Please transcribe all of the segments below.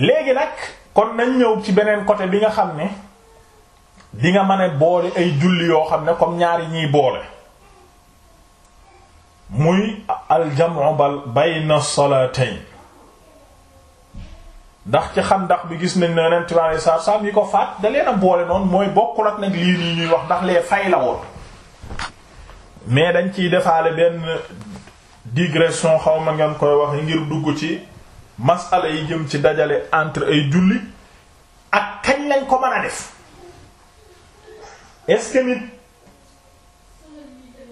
léegi nag kon nañ ñëw ci beneen côté bi nga xam ne di nga mën boole ay julli yoo xam ne comme ñaari ñiy boole muy aljamu bal bayna salatayn ndax ci xam ndax bi gis nañ ne ren tubaab yi sax sax ko faat da leen a boole noonu mooy bokkul ak nag lii nii ñuy wax ndax lee fay la woon mais dañ ciy defaale benn digression xaw ma ngeen koy wax ngir dugg ci. masala yi jëm ci dajale entre ay julli ak kañ lañ ko mën a def est nit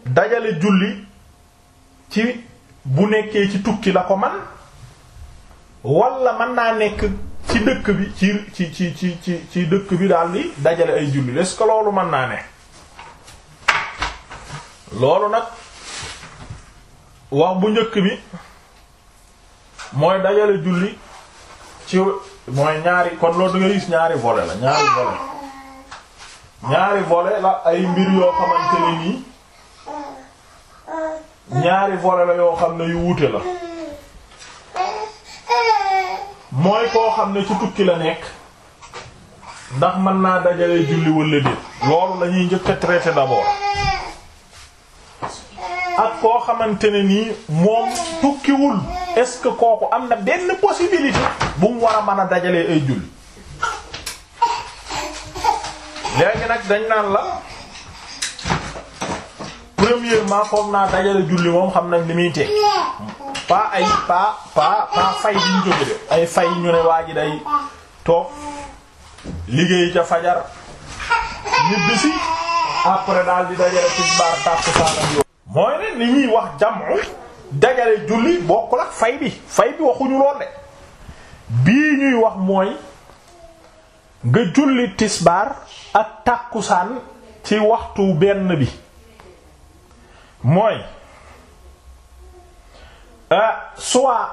dajale julli ci bu nekkee ci tukki la ko man walla mën naa nekk ci dëkk bi ci ci ci ci ci ci dëkk bi daal di dajale ay julli est-ce loolu mën naa ne loolu nag wax bu njëkk bi mooy dajale julli ci mooy ñaari kon loolu da gis ñaari volet la ñaari volet ñaari volet la ay mbir yoo xamante ne nii ñaari vole la yoo xam ne yu wuute la mooy koo xam ne ci tukki la nekk ndax mën naa dajale julli walla déet loolu la ñuy njëkk a traiter ak koo xamante ne nii moom tukkiwul est-ce que kooku am na benn possibilité bu mu war a mën a dajalee ay julli léegi nag dañ naan la premièrement foog naa dajale julli moom xam nañ li muy teg pas ay pas pas pas fay bi ñu jóge de ay fay ñu ne waa ji day toog liggéey ca fajar ñibbisi après daal di dajale tisbaar tàkkusaan ak mooy ne ni ñuy wax jamu dajale julli bokkul ak fay bi fay bi waxuñu lool de bii ñuy wax mooy nga julli tisbaar ak tàkkusaan ci waxtu benn bi mooy ah, soit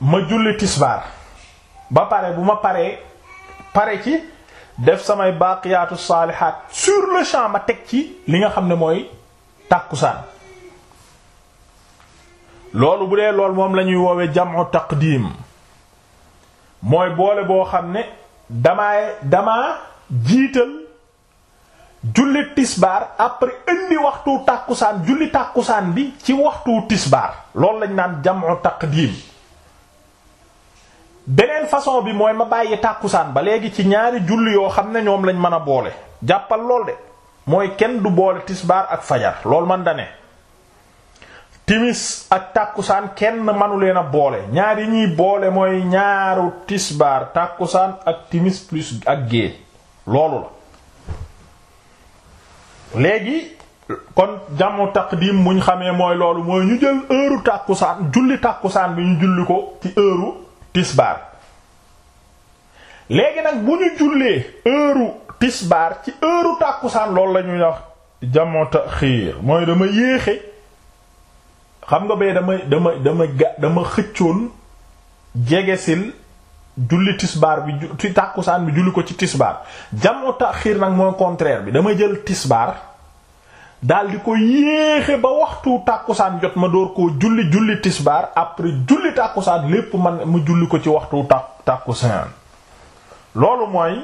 ma julli tisbaar ba pare bu ma paree pare ci def samay baaqiyaatu saalihaat sur le champ ma teg ci li nga xam ne mooy tàkkusaan loolu bu dee lool moom lañuy woowe jam'u taqdim mooy boole boo xam ne damaay damaa jiital julli tisbaar après indi waxtu tàkkusaan julli tàkkusaan bi ci waxtu tisbaar loolu lañ naan jam'u taqdim beneen façon bi mooy ma bàyyi tàkkusaan ba léegi ci ñaari julli yoo xam ne ñoom lañ mën a boole jàppal lool de mooy kenn du boole tisbaar ak fajar loolu man da ne timis ak tàkkusaan kenn manu leen a boole ñaar yi ñuy boole mooy ñaaru tisbaar tàkkusaan ak timis plus ak gée loolu la léegi kon jamu taqdim muñ xamee mooy loolu mooy ñu jël heure tàkkusaan julli tàkkusaan bi ñu julli ko ci heure tisbaar léegi nag bu ñu jullee heure tisbaar ci heure u tàkkusaan loolu la ñuy wax jamu taxiir mooy dama yéexe xam nga bee dama dama dama dama xëccoon jegesil julli tisbaar bi ci tàkkusaan bi julli ci tisbaar jamu taxiir nag mooy contraire bi dama jël tisbaar daal di ko yéexe ba waxtu jot ma door julli julli tisbaar après julli lépp man mu julli ko ci waxtu tàkkusaan loolu mooy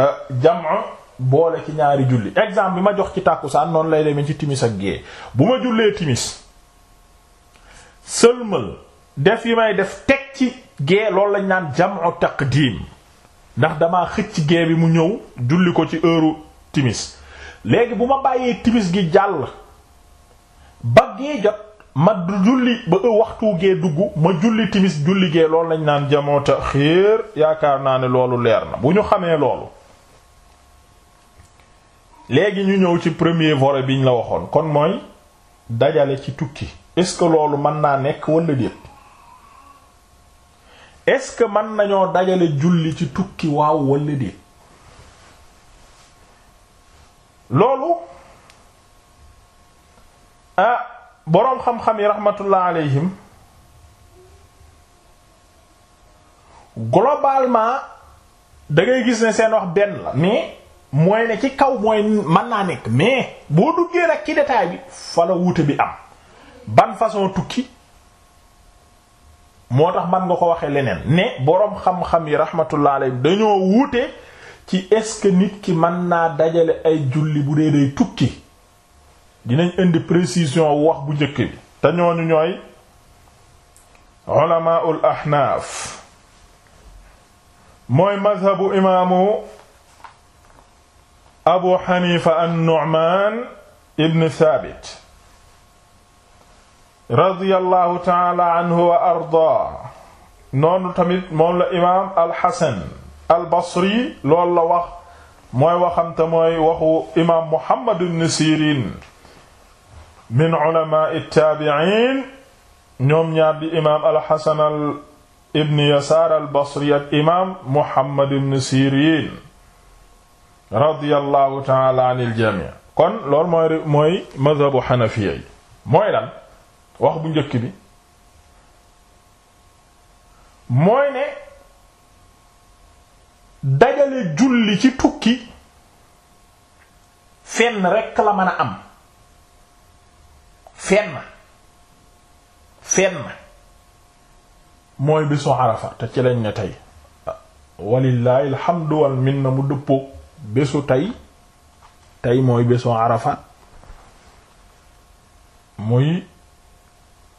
Euh, jam'a boole ci ñaari julli exemple bi ma jox ci tàkku tàkkusaan noonu lay demee ci timis ak gée bu ma jullee timis sëlmal def yi may def teg ci gée loolu lañ naan jam'u taqdim ndax damaa xëcc gée bi mu ñëw julli ko ci heure léegi bu ma bàyyee timis gi jàll ba gee jot ma julli ba waxtu dugg ma julli timis julli gee loolu lañ naan jam'u ta'khir yaakaar naa ne loolu leer na bu ñu xamee loolu léegi ñu ñëw ci premier volet bi ñu la waxoon kon mooy dajale ci tukki est-ce que loolu mën naa nekk wala déet est-ce que mën nañoo dajale julli ci tukki waaw wala déet loolu ah boroom xam-xam yi rahmatullah alayhim globalement da ngay gis ne seen wax benn la mooy na ci kaw mooy mën naa nekk mais boo duggee nag ci détail bi fa wuute bi am ban façon tukki moo tax man nga ko waxee leneen ne boroom xam-xam yi rahmatullah alayhi dañoo wuute ci est-ce nit ki mën naa dajale ay julli bu dee day tukki dinañ indi précision wax bu njëkk bi te ñooñu ñooy ulamaul ahnaf mooy mazhabu imaamu abu xanifa an-nu'man ibn thabit radiyallahu taala anhu wa arda noonu tamit moom la imaam alxasan albasri loolu la wax mooy waxamte mooy waxu imaam muhammad ibn sirin min ulama taabi'in ñoom ñaar di imaam alxasan ibn yasaar albasri ak imaam muhammad ibn sirin radiyallahu taala anil jamii kon loolu mooy mooy mazhabu xanafiya yi mooy lan wax bu njëkk bi mooy ne dajale julli ci tukki fenn rekk la mën a am fenn fenn mooy bisu Arafa te ci lañ ne tey walillahi alhamdu wal mu dëppoo bésu tey tey mooy bésu Arafat muy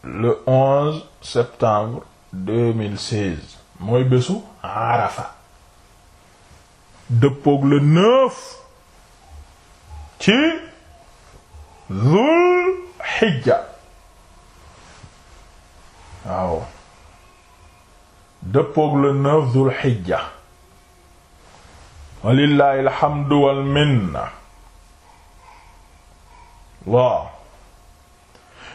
le 11 septembre 2016 mooy bésu Arafat dëppoog le 9 ci Zul Hijja waaw dëppoog le 9 Zul Hijja walillahi alhamdu wal minna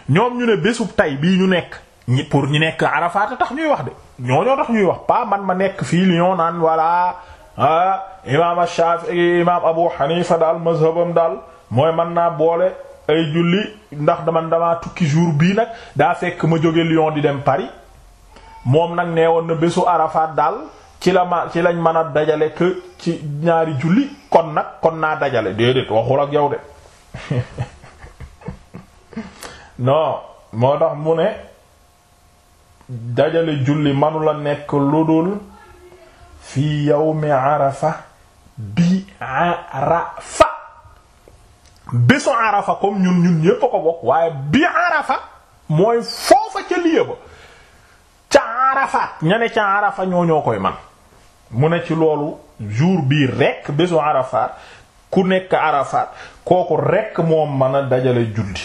ñoom ñu ne bésub tay bii ñu nekk ñi pour ñi nekk Arafat tax ñuy wax de ñoo ñoo tax ñuy wax pa man ma nekk fii Lyon naan voilà ah imaam Shafi'i imaam Abu Hanifa daal mazhabam daal mooy man naa boole ay julli ndax dama damaa tukki jour bii nag daa fekk ma jóge Lyon di dem Paris moom nag nee woon na bésu Arafat daal ci la ma ci lañ mën dajale que ci ñaari julli kon nag kon naa dajale déedéet waxul ak yow de non moo tax mu ne dajale julli manula nekk lu dul fi yawmi arafa bi arafa bésu arafa comme ñun ñun ñépp ko bokk waaye bi arafa mooy foofa ca lieu arafaat ña ne ca arafa ñoo ñoo koy man mu ne ci loolu jour bii rekk bésu arafaat ku nekk arafaat kooku rekk moom mën a dajale julli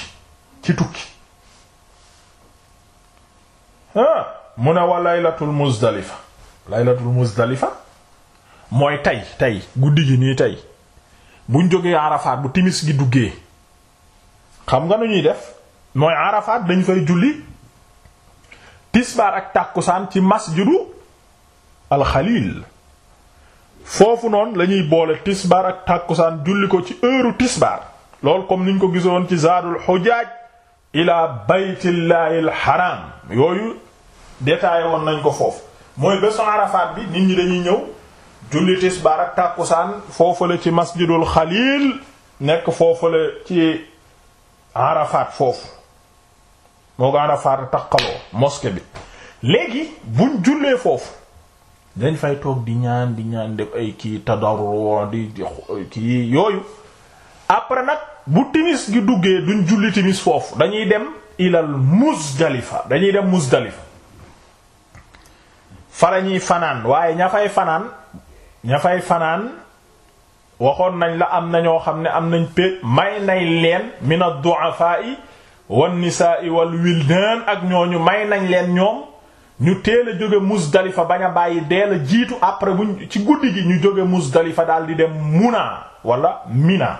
ci tukki ah mu ne wa laylatul muzdalifa laylatul muzdalifa mooy tey tey guddi gi nii tey buñ jógee arafaat bu timis gi duggee xam nga nu ñuy def mooy arafaat dañ fay julli tisbaar ak tàkkusaan ci masjidu alxalil foofu noonu lañuy boole tisbaar ak tàkkusaan julli ko ci heure tisbaar lool comme niñ ko gisoon ci zaadul xujaaj ila baytillahi alxaram yooyu détaillé woon nañ ko foofu mooy bésu Arafat bi nit ñi dañuy ñëw julli tisbaar ak tàkkusaan foofale ci masjidul xalil nekk foofale ci Arafat foofu moo ko Arafat taqaloo mosquée bi léegi buñ jullee foofu dañ fay toog di ñaan di ñaan def ay kii tadarru di kii yooyu après nag bu timis gi duggee duñ julli timis foofu dañuy dem ilal Muzdalifa dañuy dem Muzdalifa fa fanaan waaye ña fay fanaan ña fay fanaan waxoon nañ la am na ñoo xam ne am nañ pé may nay leen min ad-du'afa'i wan nisaa wal wildaan ak ñoo ñu may nañ leen ñoom ñu teel a jóge Muzdalifa bañ a bàyyi deel a jiitu après buñ ci guddi gi ñu jóge Muzdalifa daal di dem Muna wala Mina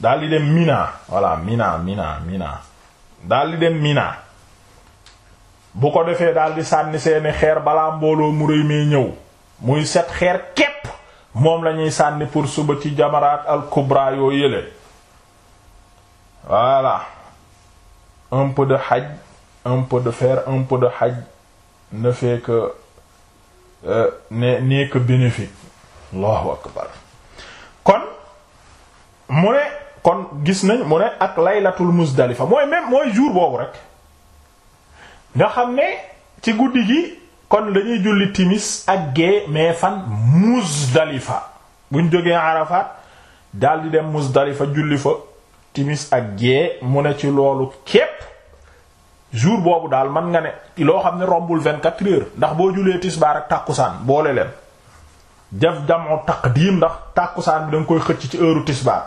daal di dem Mina wala Mina Mina daal di dem Mina bu ko defee daal di sànni seeni xeer balaa mbooloo mu rëy mee ñëw muy set xeer képp moom lañuy sànni pour suba ci jamaraat al yoo yële voilà un peu de hajj un peu de faire un peu de hajj ne fait que euh, n'est bénéfique allahu akbar kon mu ne kon gis nañ mu ne ak laylatul muzdalifa mooy même mooy jour boobu rek nga xam ne ci guddi gi kon lañuy julli timis ak gée mais fan muzdalifa buñ jógee arafaat daldi dem muzdalifa julli fa timis ak gée mu ne ci loolu képp jour boobu daal man nga ne loo xam ne rombul vingt-quatre heures ndax boo julee tisbaar ak tàkkusaan boole leen jaf jamoo taqdim ndax tàkkusaan bi danga koy xëcc ci heure tisbaar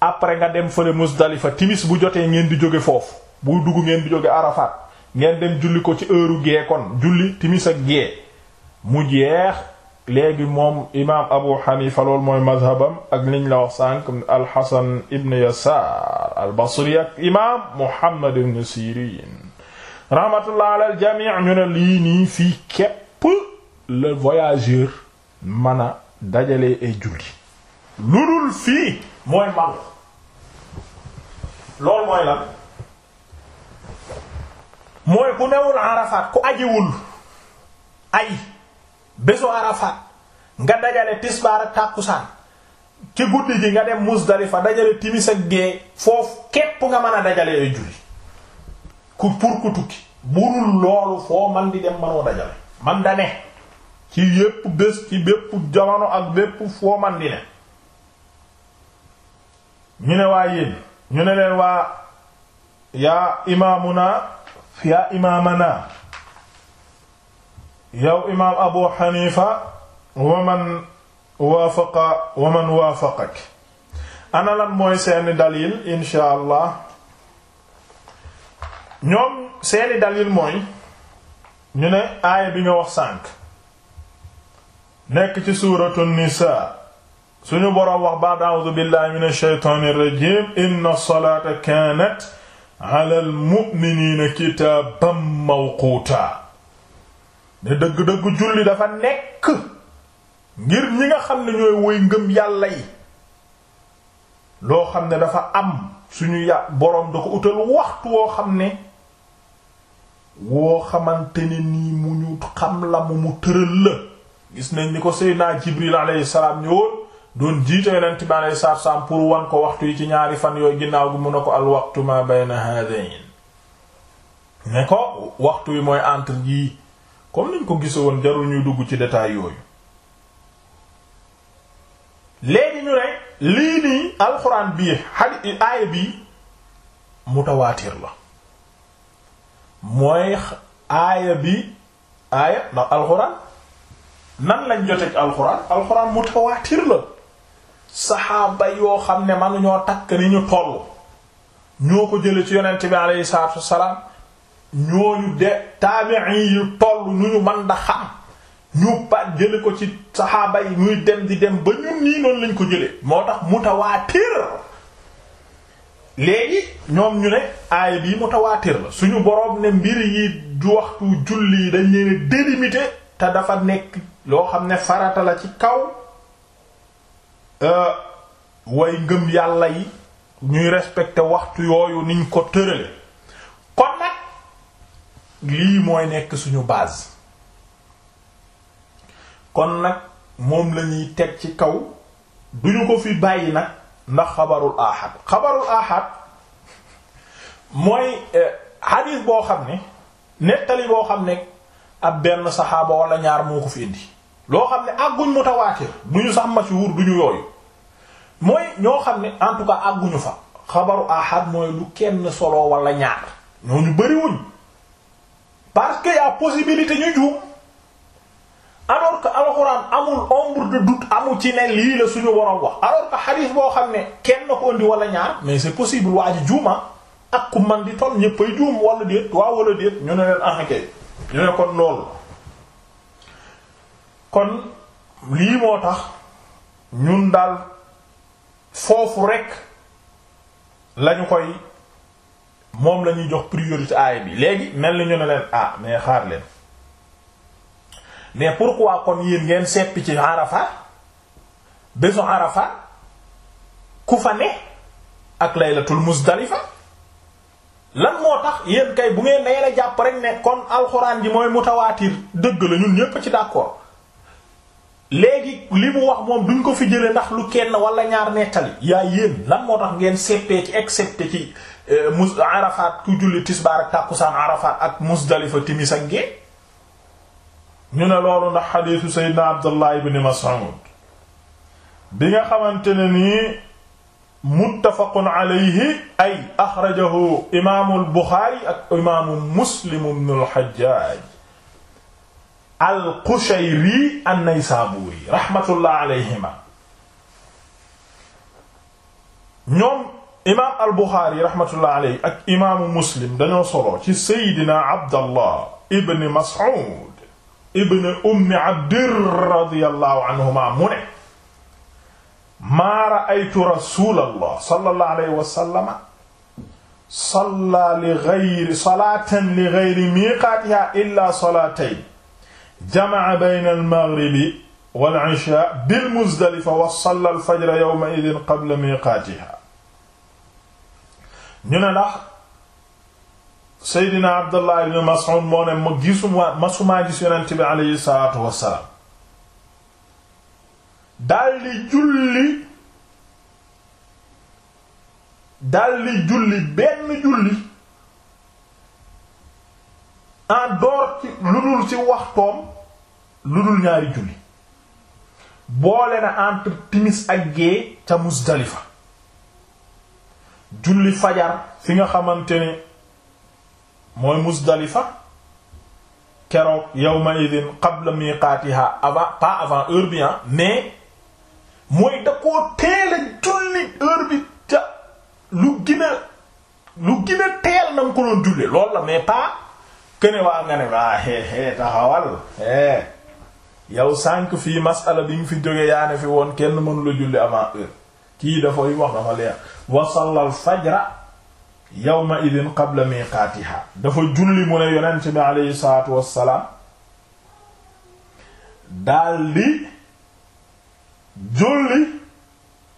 après nga dem fële Musdalifa timis bu jotee ngeen di jóge foofu bu dugg ngeen di jóge Arafat ngeen dem julli ko ci heure gee kon julli timis ak gee mu jeex léegi moom imaam abu xanifa loolu mooy madhabam ak liñ la wax sànq alxasan ibn yasaar albasri ak imaam muhammad ibn sirin rahmatullah ala aljami ñu ne lii nii fii képp le voyageur mën a dajalee ay julli lu dul mooy mbalu loolu mooy lan mooy ku newul arafaat ku ajiwul ay bésu Arafat nga dajale tisbaar ak tàkkusaan ci guddi gi nga dem Muzdalifa dajale timis ak gee foofu képp nga mën a dajale ay julli ku pour ku tukki burul loolu foo man di dem manoo dajale man da ne ci yépp bés ci bépp jamono ak bépp foo man di ne ñu ne waa yéen ñu ne leen waa yaa imaamuna yaa imaamana yow imaam abu xanifa waman waafaqa waman waafaqak ana lan mooy seeni dalil insha allah ñoom seeni dalil mooy ñu ne aaya bi nga wax sànq nekk ci suuratu nisaa suñu boroom wax baat a'uudu billahi min ashaytaani rajiim inna salaata kaanat ala almu'miniina kitaaban mawquuta ne dëgg-dëgg julli dafa nekk ngir ñi nga xam ne ñooy woy ngëm yàlla yi loo xam ne dafa am suñu yà boroom da ko utal waxtu woo xam ne woo xamante ne nii mu ñu xam la mu mu tëral la gis nañ ni ko Seydina Jibril alayhi salaam ñëwoon doon jiite yonent bi alayhi salaatu salaam wan ko waxtu yi ci ñaari fan yooyu ginnaaw gi mun a ko al waxtu ma bayna hadayn ne ko waxtu yi mooy entre yi comme nañ ko gisoon jarul ñuy dugg ci détail yooyu léegi ñu ne lii nii alxuraan bii xadi aaya bii mutawaatir la mooy aaya bi aaya ndax alxuraan nan lañ joteeg alxuraan alxuraan mutawaatir la saxaaba yoo xam ne manu ñoo takk ni ñu toll ñoo ko jële ci yonent bi aleyhi salaatu wassalaam ñooñu de taabi'i yu toll nu ñu man da xam ñu pat jële ko ci saxaaba yi muy dem di dem ba ñun nii noonu lañ ko jële moo tax mutawaatir léegi ñoom ñu ne aay bii mutawaatir la suñu boroom ne mbir yi du waxtu julli yi dañ leen délimité te dafa nekk loo xam ne farata la ci kaw euh, way ngëm yàlla yi ñuy respecté waxtu yooyu niñ ko tërale lii mooy nekk suñu baas kon nag moom lañuy teg ci kaw duñu ko fi bàyyi nag ndax xabarul ahad xabarul ahad mooy hadith eh, boo xam ne nettali boo xam ne ab benn saxaaba wala ñaar moo ko fi indi loo xam ne àgguñ mutawaatir duñu sax mashhuur duñu yooyu mooy ñoo xam ne en tout cas àgguñu fa xabaru ahad mooy lu kenn solo wala ñaar ñooñu bariwuñ parce que y a possibilité ñu juum alors que alxuraan amul ombre de doute amul ci ne lii la suñu waroon wax alors que xadiis boo xam ne kenn na ko indi wala ñaar mais c'est possible waa ji ah. ak ku man di toll ñépp ay juum wala déet waaw wala déet ñu ne leen enquête ah, ñu ne kon loolu kon lii moo tax ñun daal foofu rekk lañu koy moom lañuy jox priorité aay bi léegi mel nañu ne leen ah mais xaar leen mais pourquoi kon yéen ngeen seppi ci Arafa bésu Arafa ku fa ne ak laylatul Muzdalifa lan moo tax yéen kay bu ngeen nee la jàpp rek ne kon alxuraan ji mooy mutawaatir dëgg la ñun ñépp ci d'accord léegi li mu wax moom duñ ko fi jëlee ndax lu kenn wala ñaar nettali yaa yéen lan moo tax ngeen seppee ci excepté ci Euh, mus Arafat ku julli tisbaar ak tàkkusaan Arafat ak Muzdalifa timis ak gée ñu ne loolu ndax xadiisu Seydina Abdullah ibn Mas'ud bi nga xamante ne nii muttafaqun alayhi ay axrajahu imaamul Buxaari ak imaamu Muslim ibn al-Hajjaj al-Qushayri an-Naysaburi rahmatullah alayhima ñoom imaam al buxaari rahmatullah aleyhi ak imaamu muslim dañoo solo ci seydina abdallah ibn mas'ud ibn ummi abdir radiyallahu anhuma mu ne maa ra'aytu rasulallah sallallahu alayhi wa sallama salla li ghayri salaatan li ghayri miiqaatiha illa salaatayn jama'a bayna al-maghribi wal-'ishaa'i bil-muzdalifa wa salla al-fajra yawma'idhin qabla miiqaatiha ñu ne ndax Seydina Abdullah ibn Mas'ud moo ne ma gisuma masumaa gis yonent bi aleyhi salaatu wassalaam daldi julli daldi julli benn julli en dehors ci lu dul ci waxtoom lu dul ñaari julli boole na entre timis ak gée ca Muzdalifa julli fajar fi nga xamante ne mooy Muzdalifa keroog yawma idin qabla miqaatiha avant pas avant heure bi ah, mais mooy da koo teel a julli heure bi ca lu gën lu gën teel na nga ko doon julli loolu la mais pas que waa nga ne waa hee hee taxawal hee yow fii masala bi nga fi jógee yaa ne fi woon kenn mënu la julli avant heure kii dafay wax dafa leer. wa sallal fajra yawma idin qabla miqaatiha dafa julli mu ne yonent bi aleyhi salaatu wassalaam daldi julli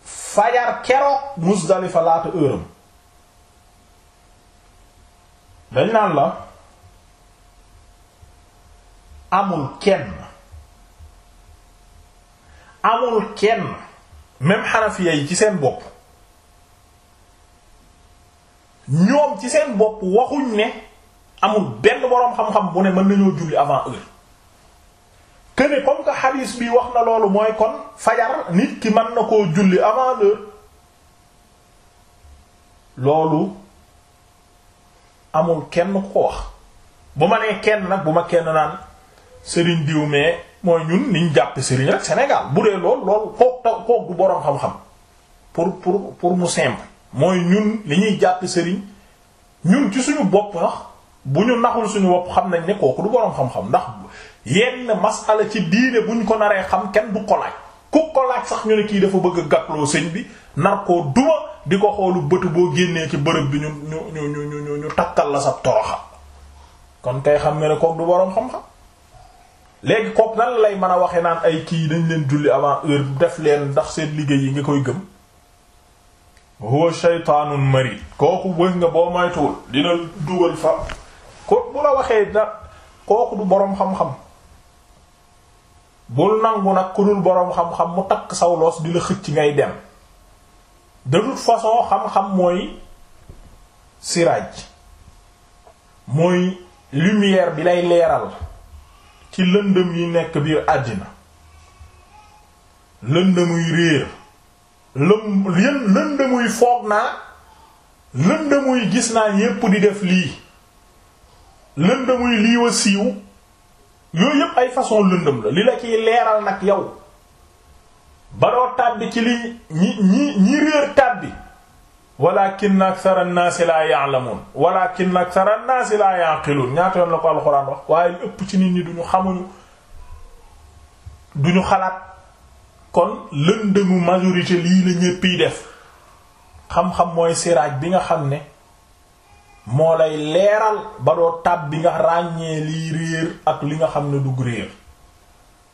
fajar keroog Muzdalifa laata heuram dañ naan la amul kenn amul kenn même xanafiya yi ci seen bopp ñoom ci seen bopp waxuñ ne amul benn boroom xam-xam bu ne mën nañoo julli avant heure que ne comme que hadis bi wax na loolu mooy kon fajar nit ki man na koo julli avant heure loolu amul kenn ku ko wax bu ma nee kenn nag bu ma kenn naan Serigne diw mais mooy ñun niñ jàpp Serigne rek Sénégal bu dee loolu loolu kook du boroom xam-xam pour pour pour mu simple mooy ñun li ñuy jàpp sëriñ ñun ci suñu bopp wax bu ñu naxul suñu bopp xam nañ ne kooku du boroom xam-xam ndax yenn masala ci diine buñ ko naree xam kenn du ko laaj ku ko sax ñu ne kii dafa bëgg a gàkloo sëñ bi nar koo duma di ko xoolu bët boo génnee ci bërëb bi ñu ñu ñu ñu takkal la sa toroxam kon kay xam nga ne kooku du boroom xam-xam léegi na nan lay mën a waxee naan ay kii dañ leen julli avant heure def leen ndax seen liggéey yi nga koy gëm. huwa shaytaanun marid kooku bëgg nga boo moytuwul dina dugal fa ko bu la waxee da kooku boroom xam-xam bul nangu nag ku dul boroom xam-xam mu takk saw loos xëcc ngay dem de toute façon xam-xam mooy siraaj mooy lumière bi lay leeral ci lëndëm yi nekk biir àddina lëndëmuy réer lëm lëndëmuy foog naa lëndëmuy gis naa yépp di def lii lëndëmuy lii wa siiw yooyu yépp ay façon lëndëm la li la ciy leeral nag yow ba doo tàbbi ci li ñi ñi ñi réer tàbbi walakin akthara an-naasi laa ya'lamuun walakin akthara an-naasi laa ya'qiluun ñaata yoon la ko alxuraan wax waaye lu ëpp ci nit ñi duñu xamuñu duñu xalaat kon lëndëmu majorité lii la ñépp yi def xam-xam mooy siraaj bi nga xam ne moo lay leeral ba doo bi nga ràññee liy réer ak li nga xam ne dug réer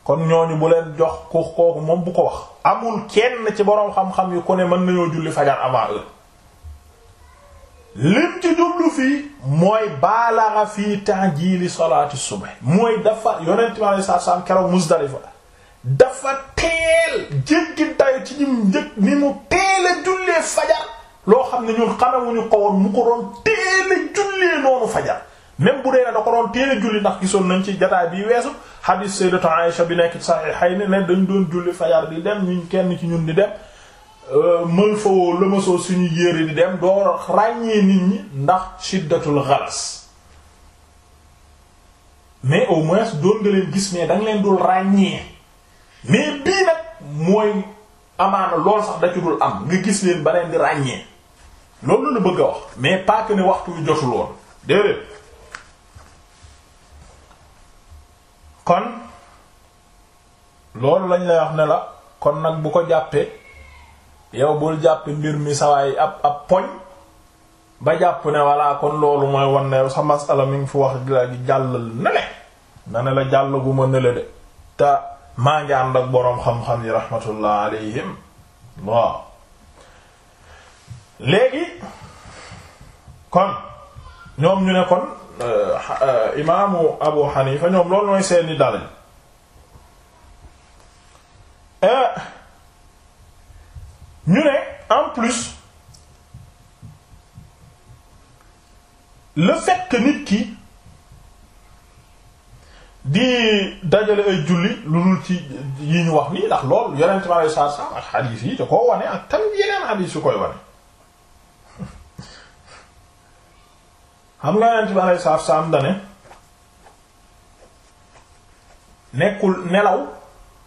kon ñooñu bu jox ku kooku moom bu ko wax amul kenn ci boroom xam-xam yu ku ne mën nañoo julli fajar avant heure lim ci jublu fii mooy baalaxa fii ta'jili salaati subh mooy dafa yonent bi sallallahu alayhi wasallam dafa teel jéggi dayo ci ñim njëkk ni mu teel jullee fajar loo xam ne ñun xamewuñu ko woon mu ko doon teel jullee noonu fajar même bu dee ne da ko doon teel a julli gisoon nañ ci jotaay bi weesu hadith sayyidatu Aisha bi nekk Sahihayni ne dañ doon julli fajar bi dem ñun kenn ci ñun di dem euh, mël fawoo lëmasoo suñu yére di dem doo ràññee nit ñi ndax shiddatul ghalas mais au moins doon nga leen gis mais danga leen dul ràññee mais bii nag mooy amaana lool sax da ci dul am nga gis leen ba leen di ràññee loolu la bëgg a wax mais pas que waxtu wi jotul woon déedéet kon loolu lañ lay wax ne la kon nag bu ko jàppee yow bul jàpp mbir mi sawaay ab ab poñ ba jàpp ne walla kon loolu mooy wan ne sa masala mi ngi fi wax di la jàll nele na ne jàll bu ma nele de ta maa ngi ànd ak boroom xam-xam yi rahmatullah alayhim waaw léegi kon ñoom ñu ne kon euh, imaamu Abu Hanifa ñoom loolu mooy seeni dalañ euh, ñu ne en plus le nit ki di dajale ay julli lu dul ci yi ñu wax nii ndax lool yonent bi alayhi salaatu salaam ak xadiis yi da koo wane ak tamit yeneen xadiis yu koy wane xam nga yonent bi alayhi salaatu salaam da nekkul nelaw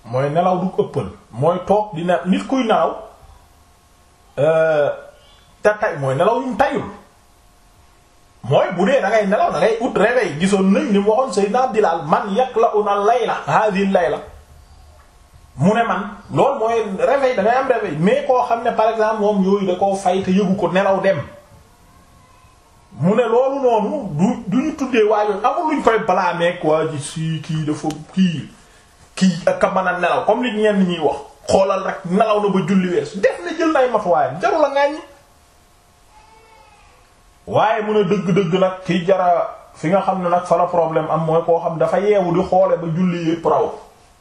mooy nelaw du ëppal mooy toog di ne nit kuy nelaw euh, te tay mooy nelaw ñu tayul mooy bu dee da ngay nelaw da ngay ut réveil gisoon nañ ni waxoon Seydina Bilaal man la yaklauna layla hadhihi layla mu ne man loolu mooy réveil da ngay am réveil mais koo xam ne par exemple moom yooyu da koo fay te yëgu ko nelaw dem mu ne loolu noonu du du ñu tuddee waa yooyu amul luñ koy blâmer waa ji si kii dafa kii kii ak a mën a nelaw comme li ñenn ñuy wax xoolal rek nelaw na ba julli weesu def na jël nay matuwaayam jaru la ngaañi waaye mun a dëgg-dëgg nag ki jara fi nga xam ne nag fa la problème am mooy koo xam dafa yeewu di xoole ba julli yépp raw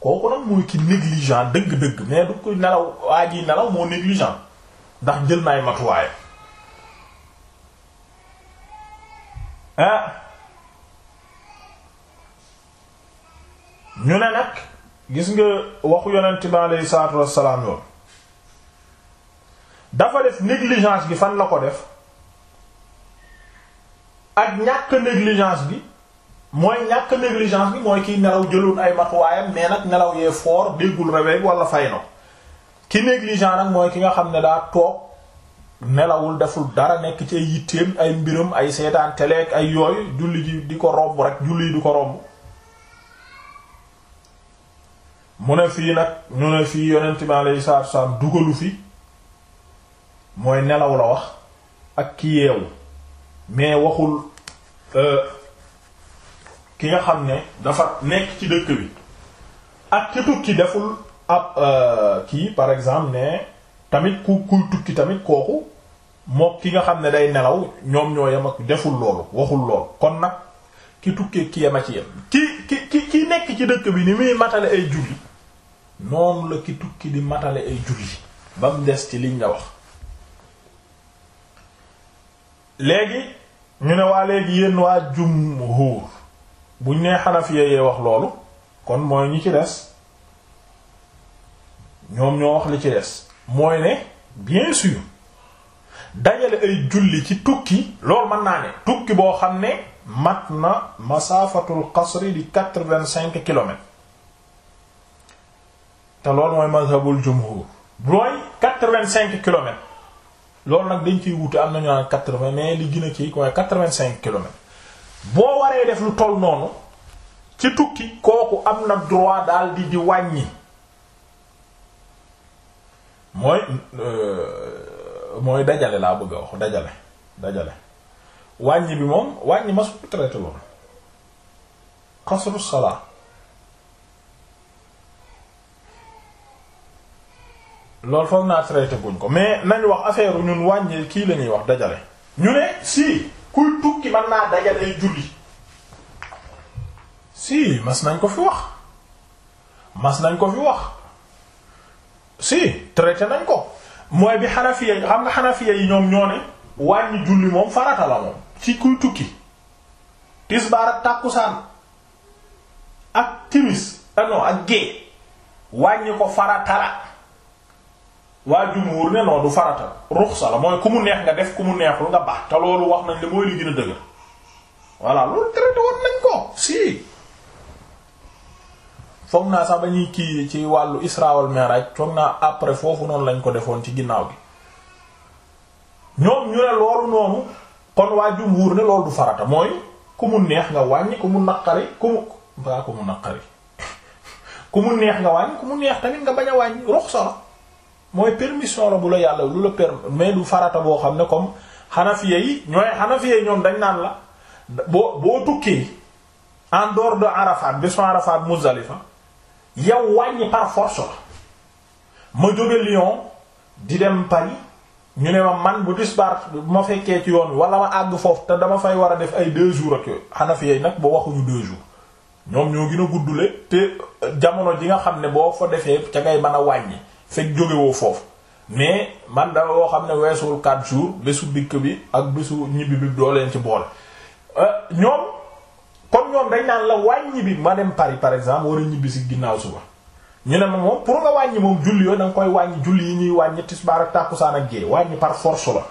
kooku nag mooy ki négligent dëgg-dëgg mais du ko nelaw waa ji nelaw moo négligent ndax jël naay matuwaay ah ñu ne nag gis nga waxu yonent bi alayhi salaatu wassalaam yoon dafa def négligence gi fan la ko def ak ñàkk négligence bi mooy ñàkk négligence bi mooy kiy nelaw jëloon ay matuwaayam mais nag nelaw yee fort déggul réveil wala fay ki négligent nag mooy ki nga xam ne daa toog nelawul deful dara nekk ci ay yitteem ay mbiram ay seetaan télé ay yooyu julli ji di ko romb rek julli di ko romb mu ne fii nag ñu ne fii yonent bi alayhi salaatu wa dugalu fi mooy nelaw la wax ak ki yeewu mais waxul euh, ki nga xam ne dafa nekk ci dëkk bi ak ki tukki deful ab euh, kii par exemple ne tamit ku kuy tukki tamit kooku mook ki nga xam ne day nelaw ñoom ñoo yem deful loolu waxul lool kon nag ki tukki ki yem a ci yem ki ki ki ki nekk ci dëkk bi ni muy matale ay julli noonu la ki tukki di matale ay julli ba des ci liñ la wax léegi ñu ne waa léegi yéen waa jumhuur buñ nee xanafiya yee wax loolu kon mooy ñi ci des ñoom ñoo wax li ci des mooy ne bien sûr dajale ay julli ci tukki loolu mën naa ne tukki boo xam ne mat na masaafatul qasri di quatre-vingt-cinq kilomètres te loolu mooy mazhabul jumhur booy quatre-vingt-cinq kilomètres loolu nag dañ ciy wute am nañu naan quatre-vingts mais li gën a kii mooy quatre-vingt-cinq kilomètres boo waree def lu toll noonu ci tukki kooku am na droit daal di di wàññi mooy euh, mooy dajale laa bëgg a wax dajale dajale wàññi bi moom wàññi ma su traité loolu xasru salaa loolu foog naa traité guñ ko mais nañ wax affaire ñun wàññil kii la ñuy wax dajale. ñu ne si kuy tukki mën naa dajale julli. si mas nañ ko fi wax mas nañ ko fi wax si traité nañ ko mooy bi xanafiya xam nga xanafiya yi ñoom ñoo ne wàññi julli moom farata la moom. ci kuy tukki. tisbaar ak tàkkusaan ak timis. Eh non ak gée wàññi ko faratala waa jumhur ne non du farata ruxsa la mooy ku mu neex nga def ku mu neex neexul nga baax te loolu wax nañ la mooy li gën a dëgër voilà loolu traité woon nañ ko si foog naa sax ba ñuy kii ci wàllu Isra wal foog naa après foofu noonu lañ ko defoon ci ginnaaw gi ñoom ñu ne loolu noonu kon waa jumhur ne loolu du farata mooy ku mu neex nga wàññi ku mu naqari ku mu baa ku mu naqari ku mu neex nga wàññi ku mu neex tamit nga bañ a wàññi ruxsa la mooy permission la bu la yàlla lu la per mais du farata boo xam ne comme xanafiya yi ñooy xanafiya yi ñoom dañ naan la boo boo tukkee en dor de Arafat bésu Arafat Muzdalifa yow wàññi par force la ma jóge Lyon di dem Paris ñu ne ma man bu disbar bu ma fekkee ci yoon wi wala ma àgg foofu te dama fay war a def ay deux jours ak yooyu xanafiya yi nag boo waxuñu deux jours ñoom ñoo gën a guddule te jamono ji nga xam ne boo fa defee ca ngay mën a wàññi fekk jógewoo foofu mais man da woo xam ne weesuwul quatre jours bésu dikk bi ak bésu ñibbi bi doo leen ci boole euh, ñoom kon ñoom dañ naan la wàññi bi ma dem Paris par exemple war a ñibbi si ginnaaw suba ñu ne ma moom pour nga wàññi moom julli yooyu da koy wàññi julli yi ñuy wàññi tisbaar ak tàkkusaan ak gée wàññi par force la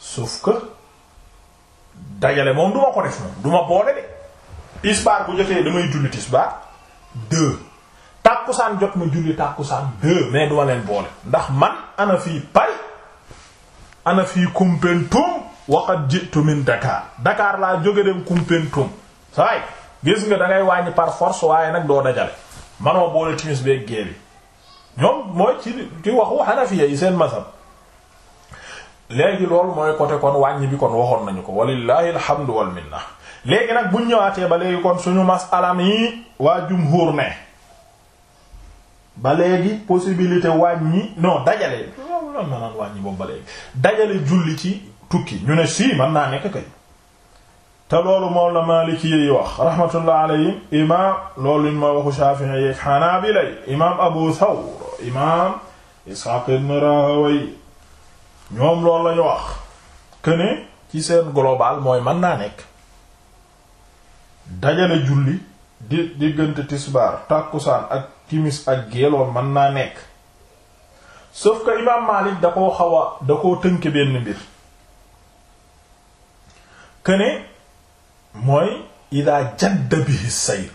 sauf que dajale moom du ko def moom du ma boole de tisbaar bu jotee damay julli tisbaar deux tàkkusaan jot ma julli tàkkusaan deux mais duma leen boole ndax man ana fii Paris ana fii Koumpentoum waqad ji min Dakar dakaar laa jóge dem Koumpentoum saay gis nga da wàññi par force waaye nag doo dajale manoo boole timis beeg gée bi ñoom mooy ci ci waxu Hanafiya yi seen masal léegi loolu mooy côté kon wàññi bi kon waxoon nañu ko walillahi alhamdu wal minna léegi nag buñ ñëwaatee ba léegi kon suñu masalaam mi waa jumhur ne ba léegi possibilité wàññi non dajale loolu mën naan wàññi boobu ba léegi dajale julli ci tukki ñu ne si mën naa nekk kay te loolu moom la Maliki yi wax rahmatullah alayhim loolu ñu ma waxu Shafi'i yeeg Hanabila imam Abu Thawr imam Ishaq ibn Rahawayh ñoom loolu la wax que ci seen global mooy man naa nekk dajale julli di diggante tisbaar tàkkusaan ak timis ak geeloon mën naa nekk sauf que imaam Maalik da koo xaw a da koo tënk benn mbir këne mooy ida jadda bihi sayr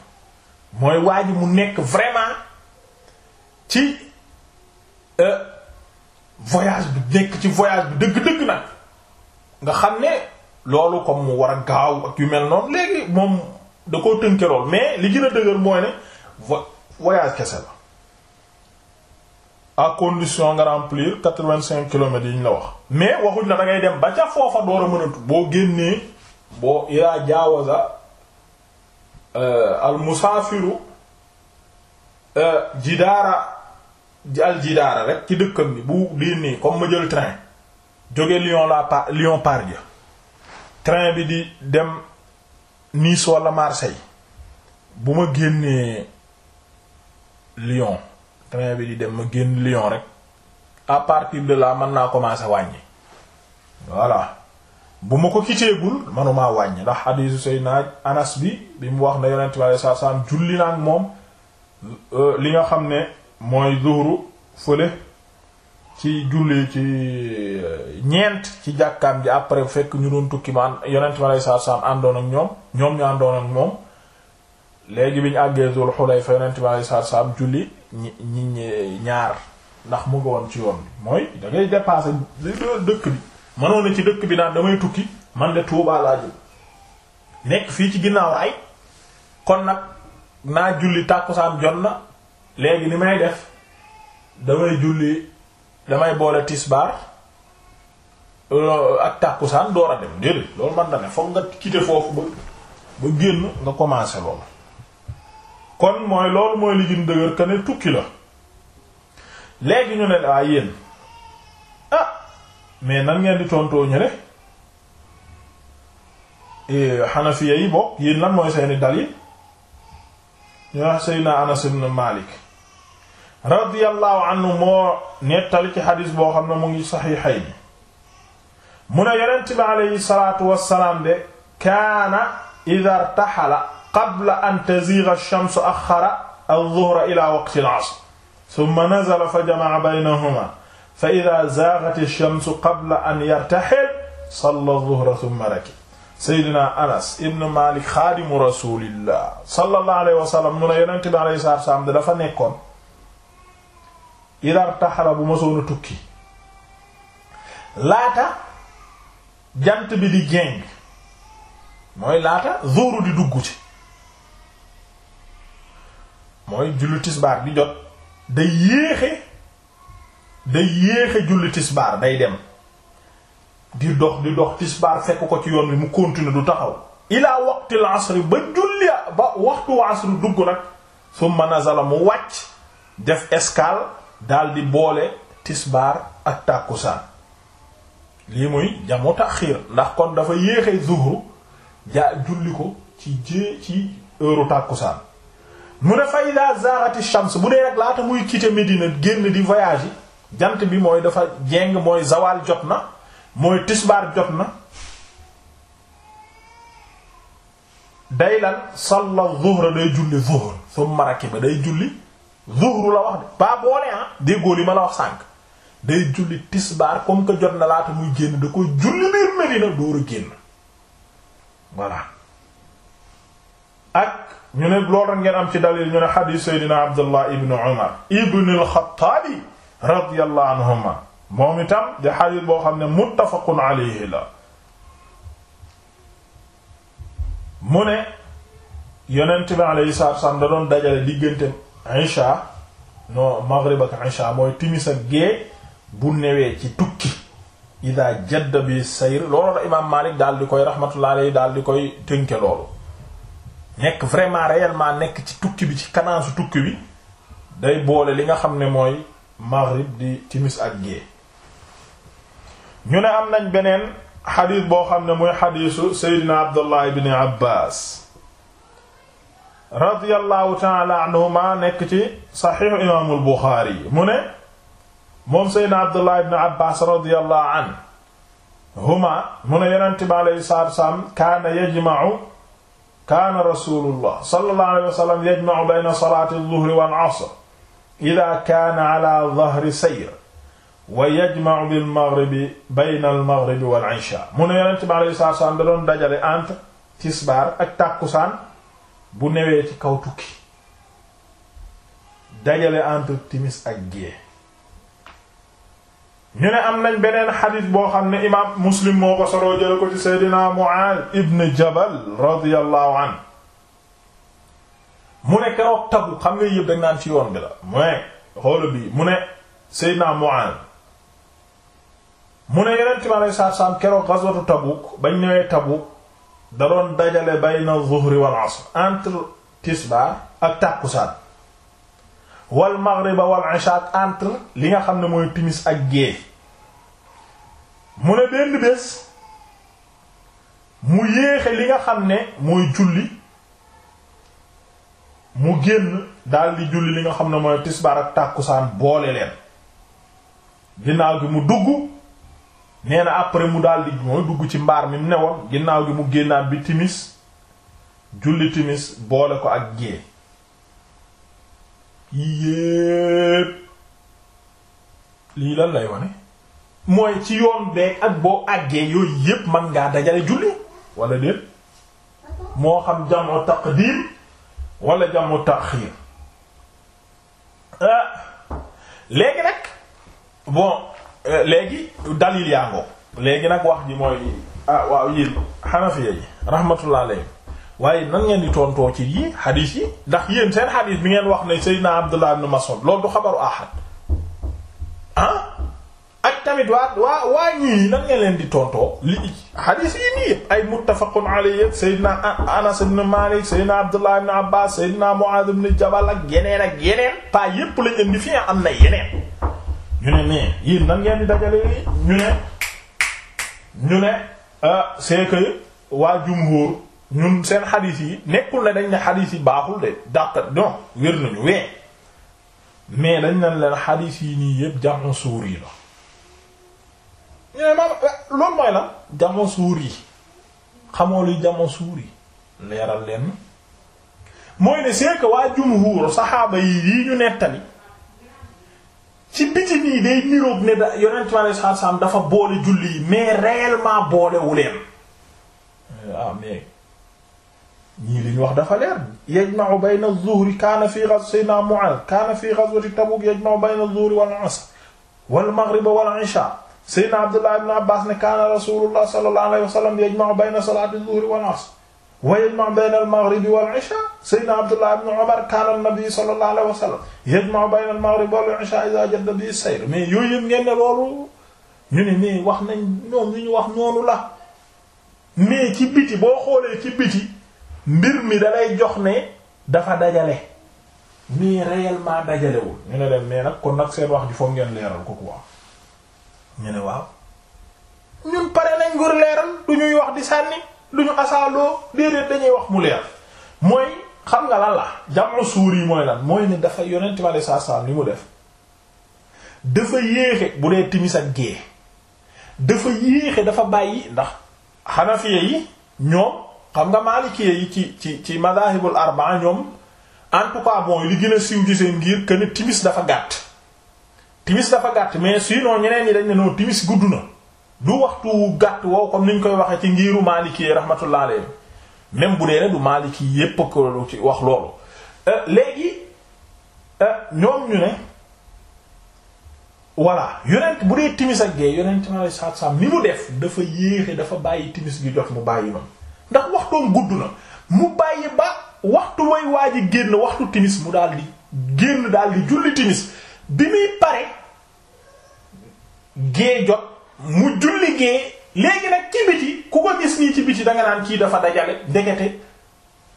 mooy waa mu nekk vraiment ci euh, voyage bi nekk ci voyage bi dëgg-dëgg nag nga xam ne loolu comme mu war a gaaw ak yu mel noonu léegi moom da koo tënke lool mais li gën dëgër mooy ne voyage kese la à condition nga remplir quatre-vingt-cinq kilomètres yi ñu la wax mais waxuñ la da ngay dem ba ca foofa door a mënatu boo génnee boo iraa jaawaza euh, euh, al musaafiru jidaara al jidaara rek ci dëkkam bi bu génnee comme ma jël train jóge Lyon la pa Lyon Pardieu train bi di dem Nice wala Marseille bu ma génnee Lyon train bi di dem ma génn Lyon rek à partir de la mën naa commencer wàññi voilà bu ma ko kitéegul manumaa wàññi ndax hadisu Seydina Anas bi bi mu wax ne yonent bi alei satu salaam julli naan moom euh, li nga xam ne mooy zuhru fële ci julli ci euh, ñeent ci jàkkaam ji après fekk ñu doon tukki ma yonent bi alei satu salaam àndoon ak ñoom ñoom ñu àndoon ak moom léegi bi ñu àggee Dul Xulayfa yonent bi alayhi saa salaam julli ñi ñi ñaar ndax mu ngi woon ci yoon bi mooy da ngay dëkk bi mënoon na ci dëkk bi naan damay tukki man de Tuubaa laa nekk fii ci ginnaaw ay kon nag naa julli tàkkusaan jot na léegi li may def damay julli damay boole tisbaar euh, ak tàkkusaan door a dem déedéet loolu man na ne foog nga quitter foofu ba ba génn nga commencer loolu kon mooy loolu mooy li dëgër que ne tukki la léegi ñu ne ah yéen ah mais nan ngeen di tontoo ñu ne xanafiya eh, yi bokk yéen lan mooy seeni dal yi ñu wax Seydina Anas ibn Malik radiyallahu anhu moo nettali ci xadis boo xam ne mu ngi saxiixayn mu ne yonent bi aleyhi salaatu wassalaam de kaana idaa irtaxala qabla an tazigha ash-shamsu akhkhara adh-dhuhra ila waqti al-'asr thumma nazala fa jama'a baynahuma fa idha zaghat ash-shamsu qabla an yartahil salla adh-dhuhra thumma rakib Seydina Anas ibn Malik xaadimu rasulillah sallallahu alayhi wa sallam mu ne yonent bi alayhi salaatu wa salaam dafa nekkoon idar taxara bu masoon a tukki laata jant bi di jéng mooy laata zuuru di dugg ci mooy julli tisbaar di jot day yéexe day yéexe julli tisbaar day dem di dox di dox tisbaar fekk ko ci yoon bi mu continuer du taxaw ilaa waqtil asri ba julli ba waxtu asri dugg nag summa nazala mu wàcc def escale daal di boole tisbaar ak tàkkusaan lii muy jamu taxiir ndax kon dafa yéexe zuhru ja julli ko ci jée ci heure tàkkusaan mu ne fa ida zaghati shams bu dee rek laata muy quitter Médina génn di voyage yi jant bi mooy dafa jeng mooy zawal jot na mooy tisbaar jot na day lan salla zuhra day julli zuhr summa rakiba day julli zuhru la wax de ba boole ah déggoo li ma la wax sànq day julli tisbaar comme que jot na laata muy génn da ko julli biir Médina door a génn voilà ñu ne loolu ngeen am ci dalil ñu ne xadiis seydina abdullah ibn umar ibn al-xattaabi radiyallahu anhuma moom itam di xadiis boo xam ne muttafaqun alayhi la mu ne yonent bi alayhi salaatu wassalaam da doon dajale diggante isha no maghrib ak mooy timis ak bu newee ci tukki ida jadda bi sayr loolu la imaam Maalik daal di koy rahmatullahi alayhi daal di koy tënke loolu nekk vraiment réellement nekk ci tukki bi ci kanaasu tukki bi day boole li nga xam ne mooy maghrib di timis ak gée ñu ne am nañ beneen xadiis boo xam ne mooy xadiisu seydina abdullah ibni abbas radiallahu taala anhuma nekk ci saxiixu imaamul buxaari mu ne moom seydina abdullah ibni abbas radiallahu an huma mu ne yonent bi aleyhi salaatu wa kaana yajma'u kaana rasulullah sallallahu alayhi wa sallam yajma'u bayna salaati adh-dhuhri wal 'asr idha kaana 'ala dhahri sayr wa yajma'u bil maghribi bayna al maghribi wal 'isha mu ne yonent bi alayhi salaatu wa salaam da doon dajale entre tisbaar ak tàkkusaan bu newee ci kaw tukki dajale entre timis ak gée ñu ne am nañ beneen xadis boo xam ne imaam muslim moo ko soroo jële ko ci seydina muaaz ibn jabal radiyallahu an mu ne keroog tabu xam nga yëpp dañ naan ci yoon bi mu ne xoola bii mu ne seydina muaaz mu ne yeneen mi alei saatu salaam keroog gazwatu tabuk bañ ñëwee tabuk da doon dajale bayna zuhri wal asr entre tisbaar ak tàkkusaan wal maghriba wal isha entre li nga xam ne mooy timis ak gée mu ne benn bés mu yéexe li nga xam ne mooy julli mu génn daal di julli li nga xam ne mooy tisbaar ak tàkkusaan boole leen ginnaaw gi mu dugg nee après mu daal di mooy dugg ci mbaar mi mu newoon ginnaaw gi mu génnaat bi timis julli timis boole ko ak gée yépp lii lan lay wane mooy ci yoon ak boo àggee yooyu yépp man ngaa dajale julli walla déet moo xam jamu taqdim wala jamu taxir ah, léegi nag bon euh, léegi dalil yaa ngoo léegi nag wax ji mooy ah waaw yéen xanafiya yi rahmatullah waaye nan ngeen di tontoo ci yi xadiis yi ndax yéen seen xadiis bi ngeen wax na Seydina Abdullah ibn Mas'ud loolu du xabaru ahad ah ak tamit waa waa waa ñii nan ngeen leen di tontoo li xadiis yi nii yëpp ay muttafaqun alayhi Seydina Anas ibn Malik Seydina Abdullah ibn Abbas Seydina Mu'adh ibn Jabal ak yeneen ak yeneen pas yëpp lañ indi fi am na yeneen ñu ne ne yéen nan ngeen di dajale ñu ne ñu ne euh, c'est que waa jumhur ñun seen xadiis yi nekkul ne dañ ne xadiis yi baaxul de dàq non wér nañu wee mais dañ ne leen xadiis yi nii yëpp jamu suur yi la ñune maam eh, loolu mooy la jamu suur yi xamoo luy jamu suur yi leeral leen mooy ne c'est que waa jumhuur saxaaba yi yi ñu nettali ci biti nii day niroog ne da yonent bi alayhi salaam dafa boole julli yi mais réellement boole leen waaw ah, mais ñii li ñu wax dafa leer yajma'u bayna az-zuhri kaana fi ghazwina Mu'adh kaana fi ghazwati Tabuk yajma'u bayna az-zuhri wal 'asr wal maghrib wal 'isha sayyidina Abdullah ibn Abbas ne kaana rasulullah sallallahu alayhi wa sallam yajma'u bayna salati az-zuhri wal 'asr wa yajma'u bayna al-maghrib wal 'isha sayyidina Abdullah ibn Umar kaana an-nabi sallallahu alayhi wa sallam yajma'u bayna al-maghrib wal isha idha jadda bi as-sayr mais yooyu yëpp ngeen ne loolu ñu ne mais wax nañ ñoom li ñu wax noonu la mais ci biti boo xoolee ci biti mbir mi dalay jox ne dafa dajale mais réellement dajalewul ñu ne leen mais nag kon nag seen wax ji foog ngeen leeral ko quoi ñu ne waaw ñun pare nañ ngir leeral du ñuy wax di sànni du ñu asaaloo déedéet dañuy wax mu leer mooy xam nga lan la jamono suur yi mooy lan mooy ne dafa yonent ma de saa li mu def dafa yéexe bu dee timis ak gée dafa yéexe dafa bàyyi ndax Hanafiya yi ñoom xam nga maalikee yi ci ci ci madahibul arba'a ñoom en tout cas bon li gën a siiw ci seen ngir que ne timis dafa gàtt timis dafa gàtt mais sinon ñeneen yi dañ ne non timis gudd na du waxtu gàtt wow comme niñ koy waxee ci ngiru maalikee yi rahmatullah alayhi même bu dee ne du maaliki yépp ko ci wax loolu euh, léegi euh, ñoom ñu ne voilà yonent bu dee timis ak gee yonent ma lay saat saam ni mu def dafa yéexe dafa bàyyi timis gi jot mu bàyyi noonu doom gudd na mu bàyyi ba waxtu way waa ji génn waxtu timis mu daal di génn daal di julli timis bi muy pare gée jot mu julli gée léegi nag ci biti ku ko gis nii ci biti danga naan kii dafa dajale ndekete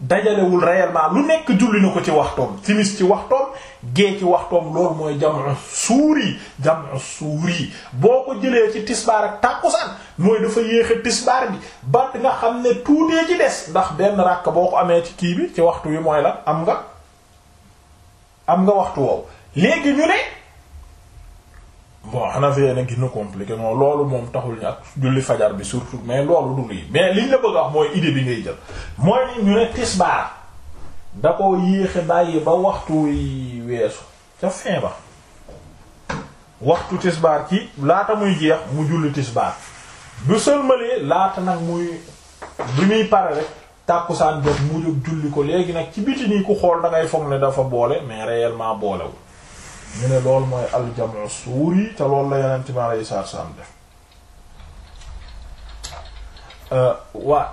dajalewul réellement lu nekk julli na ko ci waxtoom timis ci waxtoom gée ci waxtoom loolu mooy jam'u suuri jam'u suuri boo ko jëlee ci tisbaar ak tàkkusaan mooy dafa yéex a tisbaar bi ba nga xam ne tuutee ci des ndax benn ràkk boo ko amee ci kii bi ci waxtu wi mooy la am nga am nga waxtu woowu léegi ñu ne bon xanafiyee na gis na compliqué moom loolu moom taxul ñu ak julli fajar bi surtout mais loolu du lii mais liñ la bëgg a mooy idée bi ngay jël mooy ni ñu ne tisbaar da ko yéexe bàyyi ba waxtu wi weesu ca fin ba waxtu tisbaar ci laata muy jeex mu julli tisbaar du sëlmalee laata nag muy bi muy pare rek tàkkusaan jot mu julli ko léegi nag ci biti nii ku xool da ngay foog ne dafa boole mais réellement boolewul ñu ne loolu mooy aljamu suuri te loolu la yonent mi alayhi salaatu salaam def uh, waa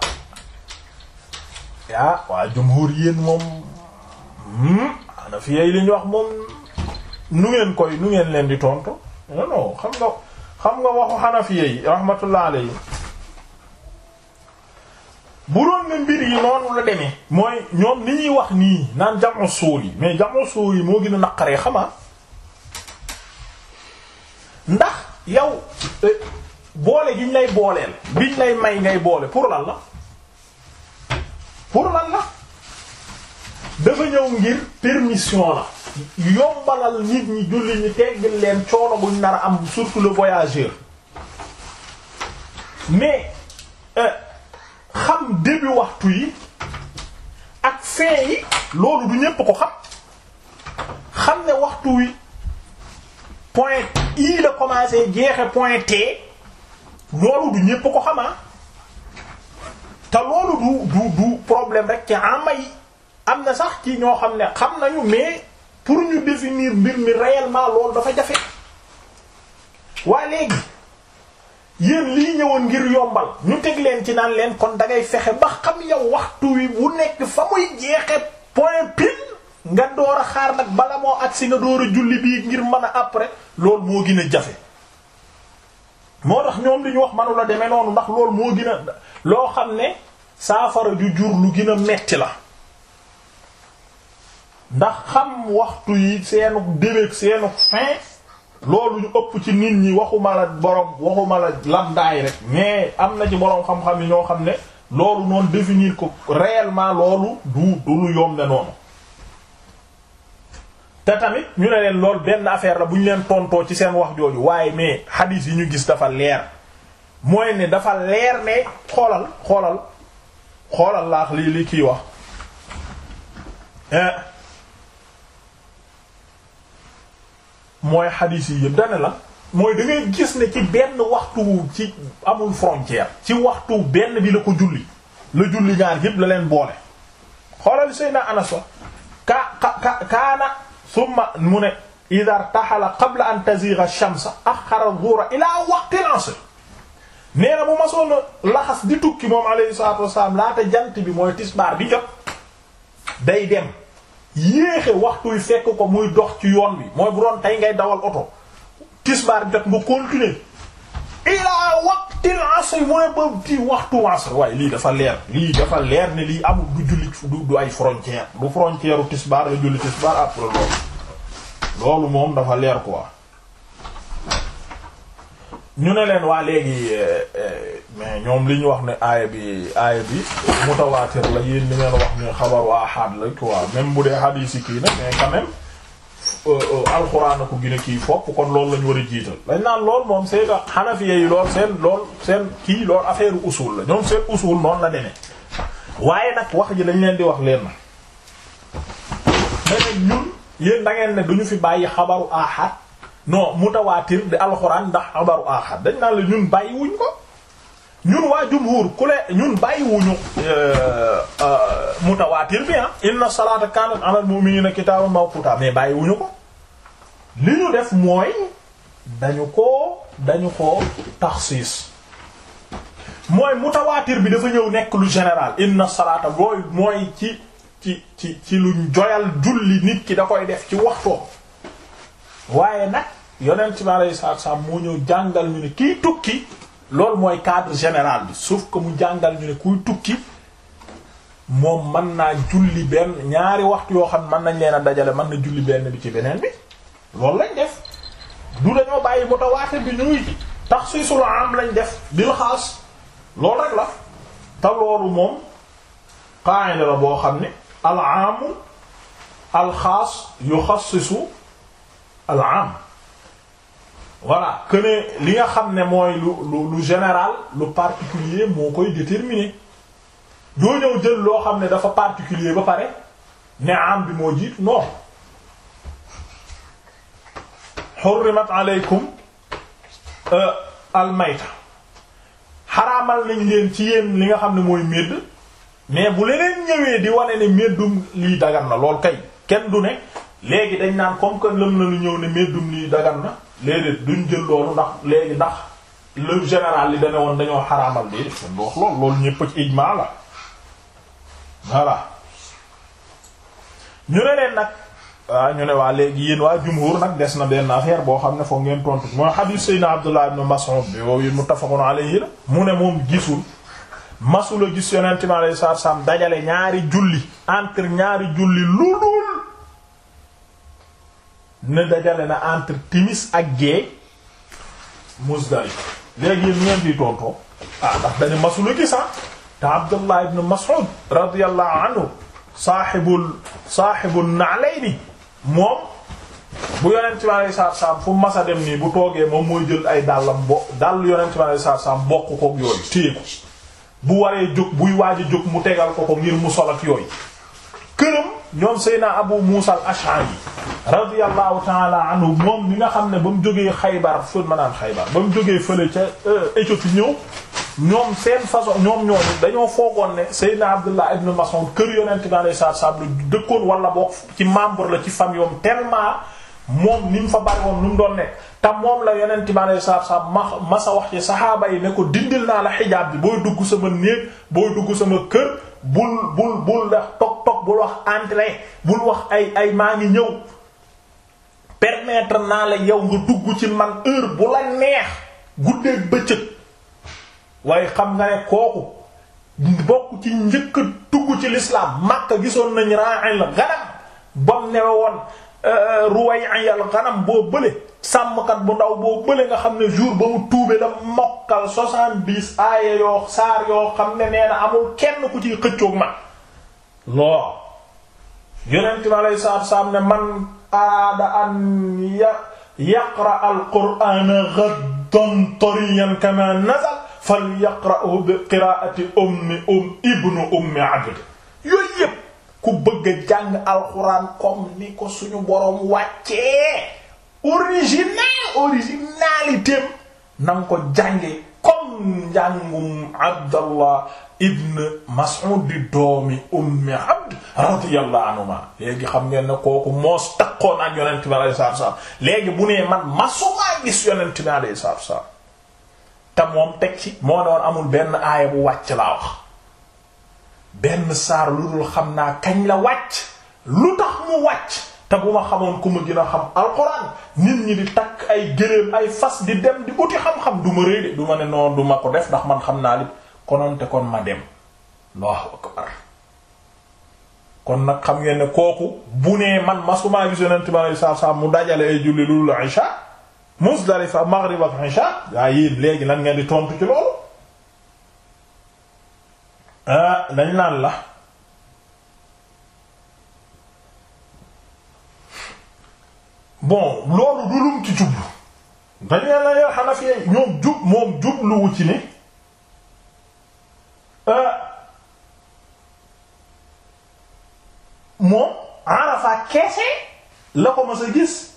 yaa waa jumhur moom hmm, ana fi yey li wax moom nu ngeen koy nu ngeen leen di tontu non xam nga xam nga waxu xanafiya yi rahmatullah bu doon ne mbir yi noonu la demee mooy ñoom ni ñuy wax nii naan jamu suul yi mais jamu suul yi moo gën a naqaree xamaa ndax yow euh, boole gi ñu lay booleel biñ lay may ngay boole pour lan la pour lan la dafa ñëw ngir permission la yombalal nit ñi julli ñi tegg leen coono buñ nar a am surtout le voyageur mais euh, xam début waxtu yi ak fin yi loolu du ñépp ko xam xam ne waxtu wi point I la commencé jeexe point T loolu du ñépp ko xamaa te loolu du du du problème rek ci ama yi am na sax ci ñoo xam ne xam nañu mais pour ñu définir mbir mi réellement loolu dafa jafe waa léegi yéen lii ñëwoon ngir yombal ñu teg leen ci naan leen kon da ngay fexe ba xam yow waxtu wi bu nekk fa muy jeexe point pile nga door a xaar nag bala moo agsi nga door a julli bii ngir mën a après loolu moo gën a jafe moo tax ñoom li ñu wax manu la noonu ndax loolu moo gën loo xam ne saafara ju jur lu gën a metti la ndax xam waxtu yi seenu débéeg seenu fin loolu ñu ëpp ci nit ñi waxuma la borom waxuma la lamdaay rek mais am na ci borom xam-xam yi ñoo xam ne loolu noonu définir ko réellement loolu du du lu yomb ne noonu te tamit ñu ne leen lool benn affaire la bu ñu leen tontoo ci seen wax jooju waaye mais hadith yi ñu gis dafa leer mooy ne dafa leer ne xoolal xoolal xoolal laa lii li kii wax eh. mooy hadith yi yëpp la mooy da gis ne ci benn waxtu ci amul frontière ci waxtu benn bi la ko julli la julli ñaar yëpp la leen boole xoolal Seydina Anas wa ka ka kaana summa mu ne ida irtaxala qabla an taziga shamsa axara zuura ilaa waqtil asr nee na bu ma soon laxas di tukki moom alayhi salaatu wasalaam laata jant bi mooy tisbaar di jot day dem yéexe waxtuy fekk ko muy dox ci yoon bi mooy bu doon tey ngay dawal oto tisbaar di jot nga continuer ilaa waqt il asr mooy ba di waxtu asr waaye lii dafa leer lii dafa leer ne lii amul du julli du ay frontière bu frontière u tisbaar la julli tisbaar après ah, loolu loolu moom dafa leer quoi ñu ne leen waa léegi eh, eh, mais ñoom li ñu wax ne aaya bi aaya bi mutawaatir la yéen ni ngeen wax ne xabar waa xaad la quoi même bu dee xadiis yi kii na mais quand Euh, euh, alxuraan ko gën a kii fopp kon loolu lañu war a jiital dañ naan lool moom c'est que xanafiya yi lool seen lool seen kii lool affaire usul la ñoom seen usul noonu la demee waaye nag wax ji lañ leen di wax leen na mene ñun yéen da ngeen ne duñu fi bàyyi xabaru ahad non mutawaatir di alxuraan ndax xabaru ahad dañ naan la ñun bàyyi ko ñun waa jumhur ku le ñun bàyyiwuñu euh, euh, mutawaatir bi ah inna salata kanat alal mu'minina kitaban mawquta mais bàyyiwuñu ko li ñu def mooy dañu ko dañu ko taxsiis mooy mutawaatir bi dafa ñëw nekk lu général in salata booy mooy ci ci ci ci luñ joyal julli nit ki da koy def ci waxtoo waaye nag yoneen bi alayhi salaatu wa salaam moo ñëw jàngal ñu ne kiy tukki loolu mooy cadre général bi sauf que mu jàngal ñu ne kuy tukki moom mën naa julli benn ñaari waxtu yoo xam mën nañ leen a dajale man na julli benn bi ci beneen bi loolu lañ def du dañoo bàyyi mutawaatir bi ñuy ci tax suy sulu lañ def bil xaas loolu rek la te loolu moom qaa'ida la boo xam ne al yu al xaas yuxassisu voilà que li nga xam ne mooy lu lu lu général lu particulier moo koy déterminer doo ñëw jël loo xam ne dafa particulier ba pare ne am bi moo jiitu non xurrimat aleykum euh, almayta xaraamal nañ leen ci yéen li nga xam ne mooy médd mais bu leneen ñëwee di wane ne méddum lii dagan na lool kay kenn du ne léegi dañ naan comme que lëm na lu ñëw ne méddum lii dagan na déedéet duñ jël loolu ndax léegi ndax le général li dane woon dañoo xaraamal déedéet seen loolu loolu ñëpp ci ijmaa la voilà ñu ne leen nag waa ah, ñu ne waa léegi yéen waa jumhur nag des na benn affaire boo xam ne foog ngeen tontu mooy hadith Seydina Abdullah ibn Mas'ud bi wow yéen muttafaqun alayhi la mu ne moom gisul masula gis yonente mi alayhi salaam dajale ñaari julli entre ñaari julli lulu ne dajale na entre timis ak gée Muzdalifa léegi yéen ngeen di tontoo ah ndax dañu masula gis ah te Abdullah ibn Mas'ud radiyallahu anhu saaxibul saaxibul na'layni moom bu yonent bi alayhi salaam fu masa dem nii bu toogee moom mooy jël ay dàllam bo dàll yonent bi alayhi salaatu salaam bokk koog yooyu téye bu waree jóg buy waaj a jóg mu tegal ko ko ngir mu sol ak yooyu ñoom Seyna Abu Musa al-Ash'ari radiyallahu ta'ala anhu moom mi nga xam ne ba mu jógee Xaybar foofu ma naan Xaybar ba mu jógee fële ca euh, Éthiopie ñëw ñoom seen façon ñoom ñooñu dañoo foogoon ne Seyna Abdullah ibn Mas'ud kër yonent bi alayhi salaatu wasallam dëkkoon wala bokk ci membre la ci famille yom tellement moom ni mu fa bari woon nu mu doon ne tam moom la yonent bi alayhi salaatu wasallam ma sa wax ci saxaaba yi ne ko dindil naa la xijaab bi booy dugg sama néeg booy dugg sama kër bul bul bul ndax toog toog bul wax entrée bul wax ay ay maa ngi ñëw permettre naa la yow nga dugg ci man heure bu la neex guddeeg bëccëg waaye xam nga ne kooku bokk ci njëkk dugg ci l'islam Makka gisoon nañ ra'il ghanam bam newe woon Euh, Ruway'i al-Ghanam boo bële sàmmkat bu ndaw boo bële nga xam ne jour ba mu tuube la mokkal soixante-dix aaya yoo saar yoo xam ne nee na amul kenn ku ciy xëccoog ma loo yonent mi aleyhi salaatu salaam ne man araada an yaqra al-Qur'aana ghaddan tariyan kamaa nazala falyaqra'hu bi qiraa'ati ummi um ibnu ummi abd yooyu yépp ku bëgg a jàng alxuraan comme ni ko suñu boroom wàccee original originalité na ko jànge comme njàngum Abdallah ibn Mas'ud di doomi ummi Abd radiyallahu anhuma léegi xam ngeen ne kooku moos takkoon ak yonent bi alayhi salaatu salaam léegi bu nee man masumaa gis yonent bi alayhi salaatu salaam te moom teg ci moo amul benn aaya bu wàcc laa wax benn saar lu dul xam naa kañ la wàcc lu tax mu wàcc te bu ma xamoon ku ma gën xam alxuraan nit ñi di takk ay gëléem ay fas di dem di uti xam-xam du ma rëy de du ma ne noonu du ma ko def ndax man xam naa li kononte kon ma dem Allahu nag xam ngeen ne kooku bu nee man masumaa su yonent bi alayhi salaatu salaam mu dajale ay julli lu dul isha Muzdalifa maghrib ak isha gaa yéen léegi lan ngeen di tontu ci loolu ah dañ naan la bon loolu du lum ci jublu dañ naan la yow Hanafi ñoom jub moom jubluwu ci ni euh, moom Arafa keese la ko mas a gis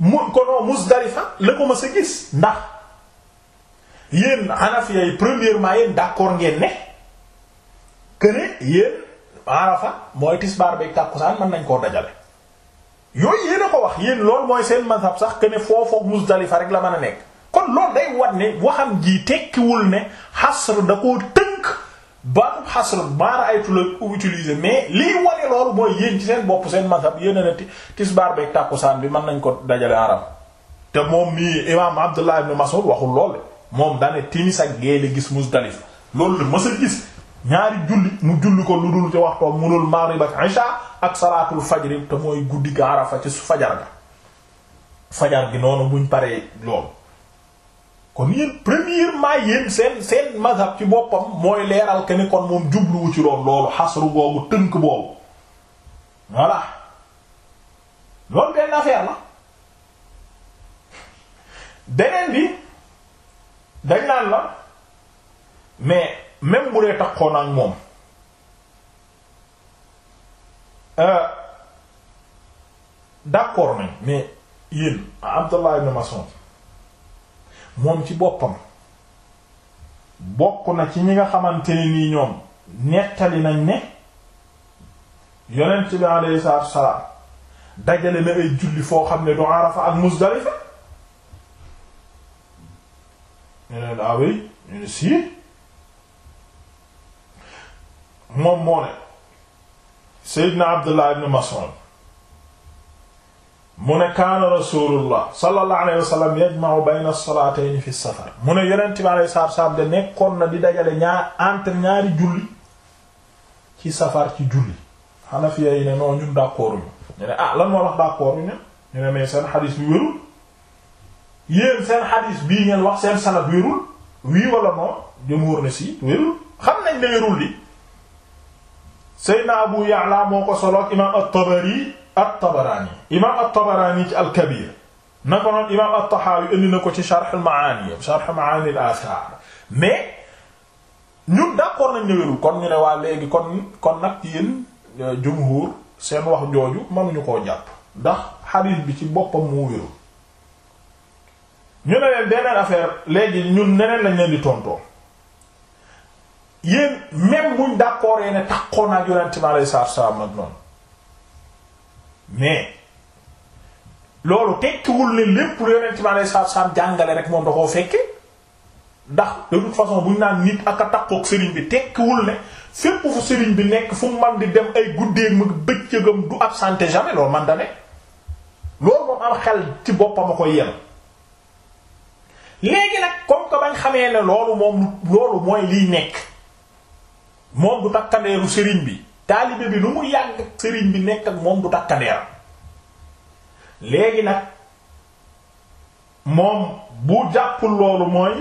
mu kono Muzdalifa la ko mas gis ndax yéen Hanafiya yi premièrement yéen d'accord ngeen ne que ne yéen mooy tisbaar beeg tàkkusaan mën nañ koo dajale. yooyu yéen loolu mooy seen mazhab sax que ne foofu Muzdalifa rek la mën a nekk kon loolu day wat ne waxam ji tekkiwul ne xasr da koo tënk baatu xasr ay tulal mais liy wane loolu ci seen bopp seen mazhab yéen a ne tisbaar bi mën nañ ko dajale te moom mii imaam Abdullah ibn Mas'ud waxul lool. moom dane timis ak gée la gis Muzdalifa loolu la mës a gis ñaari julli mu julli ko lu dul ci waxtoom mu dul maghrib ak isha ak salaatul fajri te mooy guddi ga Arafa ci fajar ga fajar gi noonu buñ pare loolu kon yéen premièrement yéen seen seen mazhab ci boppam mooy leeral que ni kon moom jubluwu ci loolu loolu boobu tënk boobu voilà loolu benn affaire la beneen bi dañ naan la mais même bu dee takkoon ak moom euh, d'accord nañ mais yéen Abdallah ibn Mas'ud moom ci boppam bokk na ci ñi nga xamante ne nii ñoom nettali nañ ne yonent bi alayhi salaatu salaam dajale na ay julli foo xam ne du Arafa ak Muzdalifa ñu ne daa ñu ne sii moom moo ne Seydina Abdullah ibn Mas'ud mu ne kaana rasulullah sallallahu alayhi wa sallam yajma'u fi as-safar mu ne yonent bi alayhi salaatu salaam de nekkoon na di dajale ñaar entre ñaari julli ci safar ci julli Hanafiya yi ne non ñun d'accord ñu ne ah lan moo wax d'accord ne ñu ne mais seen xadiis bi wérul yéen seen xadis bii ngeen wax seen sanad wérul wii wala non jumhur ne si wérul xam nañ ne wérul li na Abu Ya'la moo ko solo ak imaam at-Tabari at-Tabarani imaam at-Tabarani ci al-Kabir na ko noon imaam at-Tahawi indi na ko ci Sharh al-Ma'ani Sharh Ma'ani al-Athar mais ñun d'accord nañ ne wérul kon ñu ne waa léegi kon kon nag ci yéen euh, jumhur seen wax jooju mënuñu koo jàpp ndax xadis bi ci boppam moo wérul ñu ne leen beneen affaire léegi ñun neneen lañ leen di tontoo yéen même buñ d'accord ne taxoon naa yonent bi aleyhi salaatu nag noonu mais loolu tekkiwul ne lépp lu yonent bi aleyhi salaatu jàngale rek moom da koo fekke ndax de toute façon ñu naan nit ak a takkook sëriñ bi tekkiwul ne fépp fu sëriñ bi nekk fu mu man di dem ay guddee mag bëccëgam du absenté jamais loolu man da loolu moom am xel ci boppam a koy yem. léegi nag comme que bañ xamee ne loolu moom loolu mooy liy nekk moom du takkandeeru sëriñ bi taalibe bi nu mu yàgg sëriñ bi nekk ak moom du takkandeeram léegi nag moom bu jàppul loolu mooy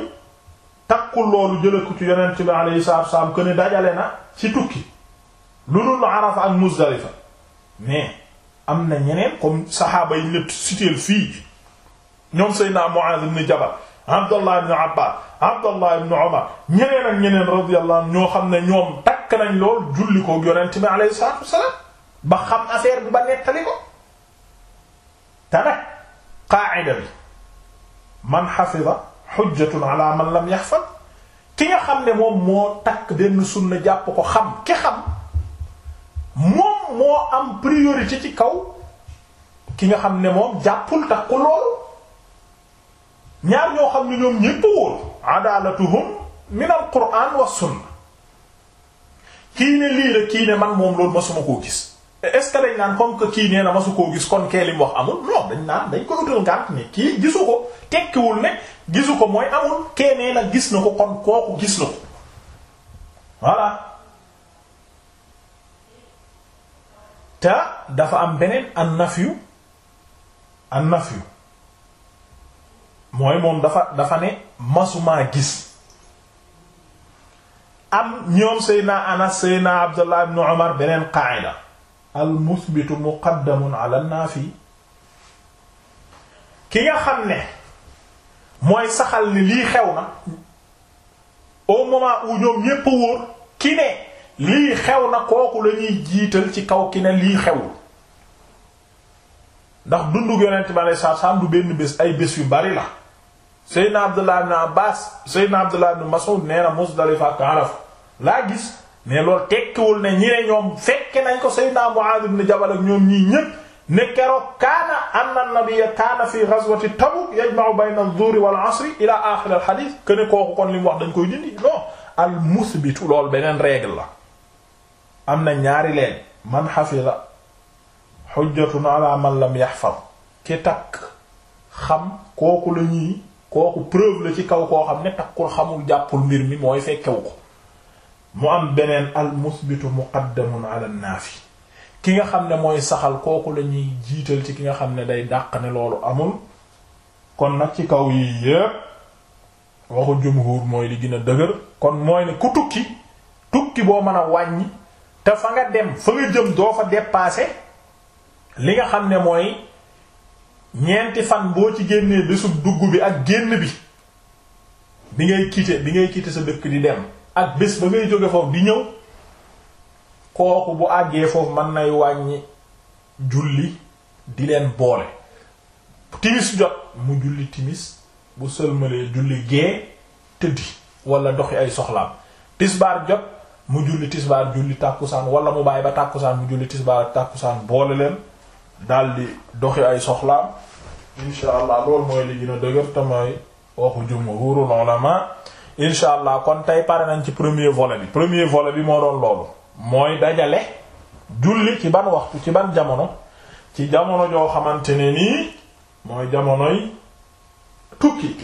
takkul loolu jële ci yonent bi alayhi salaatu wasallam dajale na ci tukki lu dul Arafa ak Muzdalifa mais am na ñeneen comme saxaaba yi lépp siteel fii ñoom Seydina Muaz ibn Jabal Abdullah ibn Abbas Abdullah ibn Umar ñeneen ak ñeneen radiyallahu anhu ñoo xam ne ñoom takk nañ lool julli ko yonent bi alayhi salaatu wassalaam ba xam affaire bi ba nettali ko te nag qaa'ida bi man xafida xujjatun ala man lam yaxfad ki nga xam ne moom moo takk benn sunna jàpp ko xam ki xam moom moo am priorité ci kaw ki nga xam ne moom jàppul takk loolu ñaar ñoo xam ne ñoom ñépp wóor adalatuhum min al quran wa sunna kii ne lii la kii ne man moom loolu masuma koo gis est-ce comme que kii nee na masu koo gis kon kee lim wax amul non dañ naan dañ ko utal ngànt ne kii gisu ko tekkiwul ne gisu ko mooy amul kee nee na gis na ko kon kooku gis na ko voilà te dafa am beneen an nafyu mooy moom dafa dafa ne masumaa gis am ñoom seydna anas seydna abdullah ibn umar beneen qaayida al musbitu muqaddamun ala naafi ki nga xam ne mooy saxal ni lii xew na au moment où ñoom ñépp wóor ki ne lii xew na kooku lañuy jiital ci kaw ki ne lii xewul ndax dundu yonent bi alei satu salaam du benn bés ay bés yu bari la Seydina Abdullah ibn Abbas Seydina Abdullah ibn Mas'ud nee na Muzdalifa ak Araf laa gis mais loolu tekkiwul ne ñi ne ñoom fekke nañ ko Seydina Mu'adh ibn Jabal ak ñoom ñii ñépp ne keroog kaana anna an-nabiyya kaana fi ghazwati Tabuk yajma'u bayna adh-dhuhri wal-'asri ila akhir al-hadith que ne kooku kon li mu wax dañ koy dindi non al-musbitu loolu beneen règle la am na ñaari leen man hafiza hujjatun ala man lam yahfaz ki takk xam kooku la ñuy kooku preuve la ci kaw koo xam ne takkul xamul jàppul mbir mi mooy fekkewu ko mu am beneen al musbitu muqaddamun ala naafi ki nga xam ne mooy saxal kooku la ñuy jiital ci ki nga xam ne day dàq ne loolu amul kon nag ci kaw yi yépp waxu jumhur mooy li gën a dëgër kon mooy ne ku tukki tukki boo mën a wàññi te fa nga dem fa nga jëm doo fa dépasser li nga xam ne mooy ñeenti fan boo ci génnee bésub dugg bi ak génn bi bi ngay quitter bi ngay quitter sa dëkk di dem ak bés ba ngay jóge foofu di ñëw kooku bu àggee foofu mën nay wàññi julli di leen boole timis jot mu julli timis bu sëlmalee julli gee tëddi wala doxi ay soxlaam tisbaar jot mu julli tisbaar julli tàkkusaan wala mu bàyyi ba tàkkusaan mu julli tisbaar ak tàkkusaan boole leen daldi doxi ay soxlaam insha allah loolu mooy li gën a dëgër te mooy waxu jumhurul ulama insha allah kon tey pare nañ ci premier volet bi premier volet bi moo doon loolu mooy dajale julli ci ban waxtu ci ban jamono ci jamono joo xamante ne nii mooy jamonoy tukki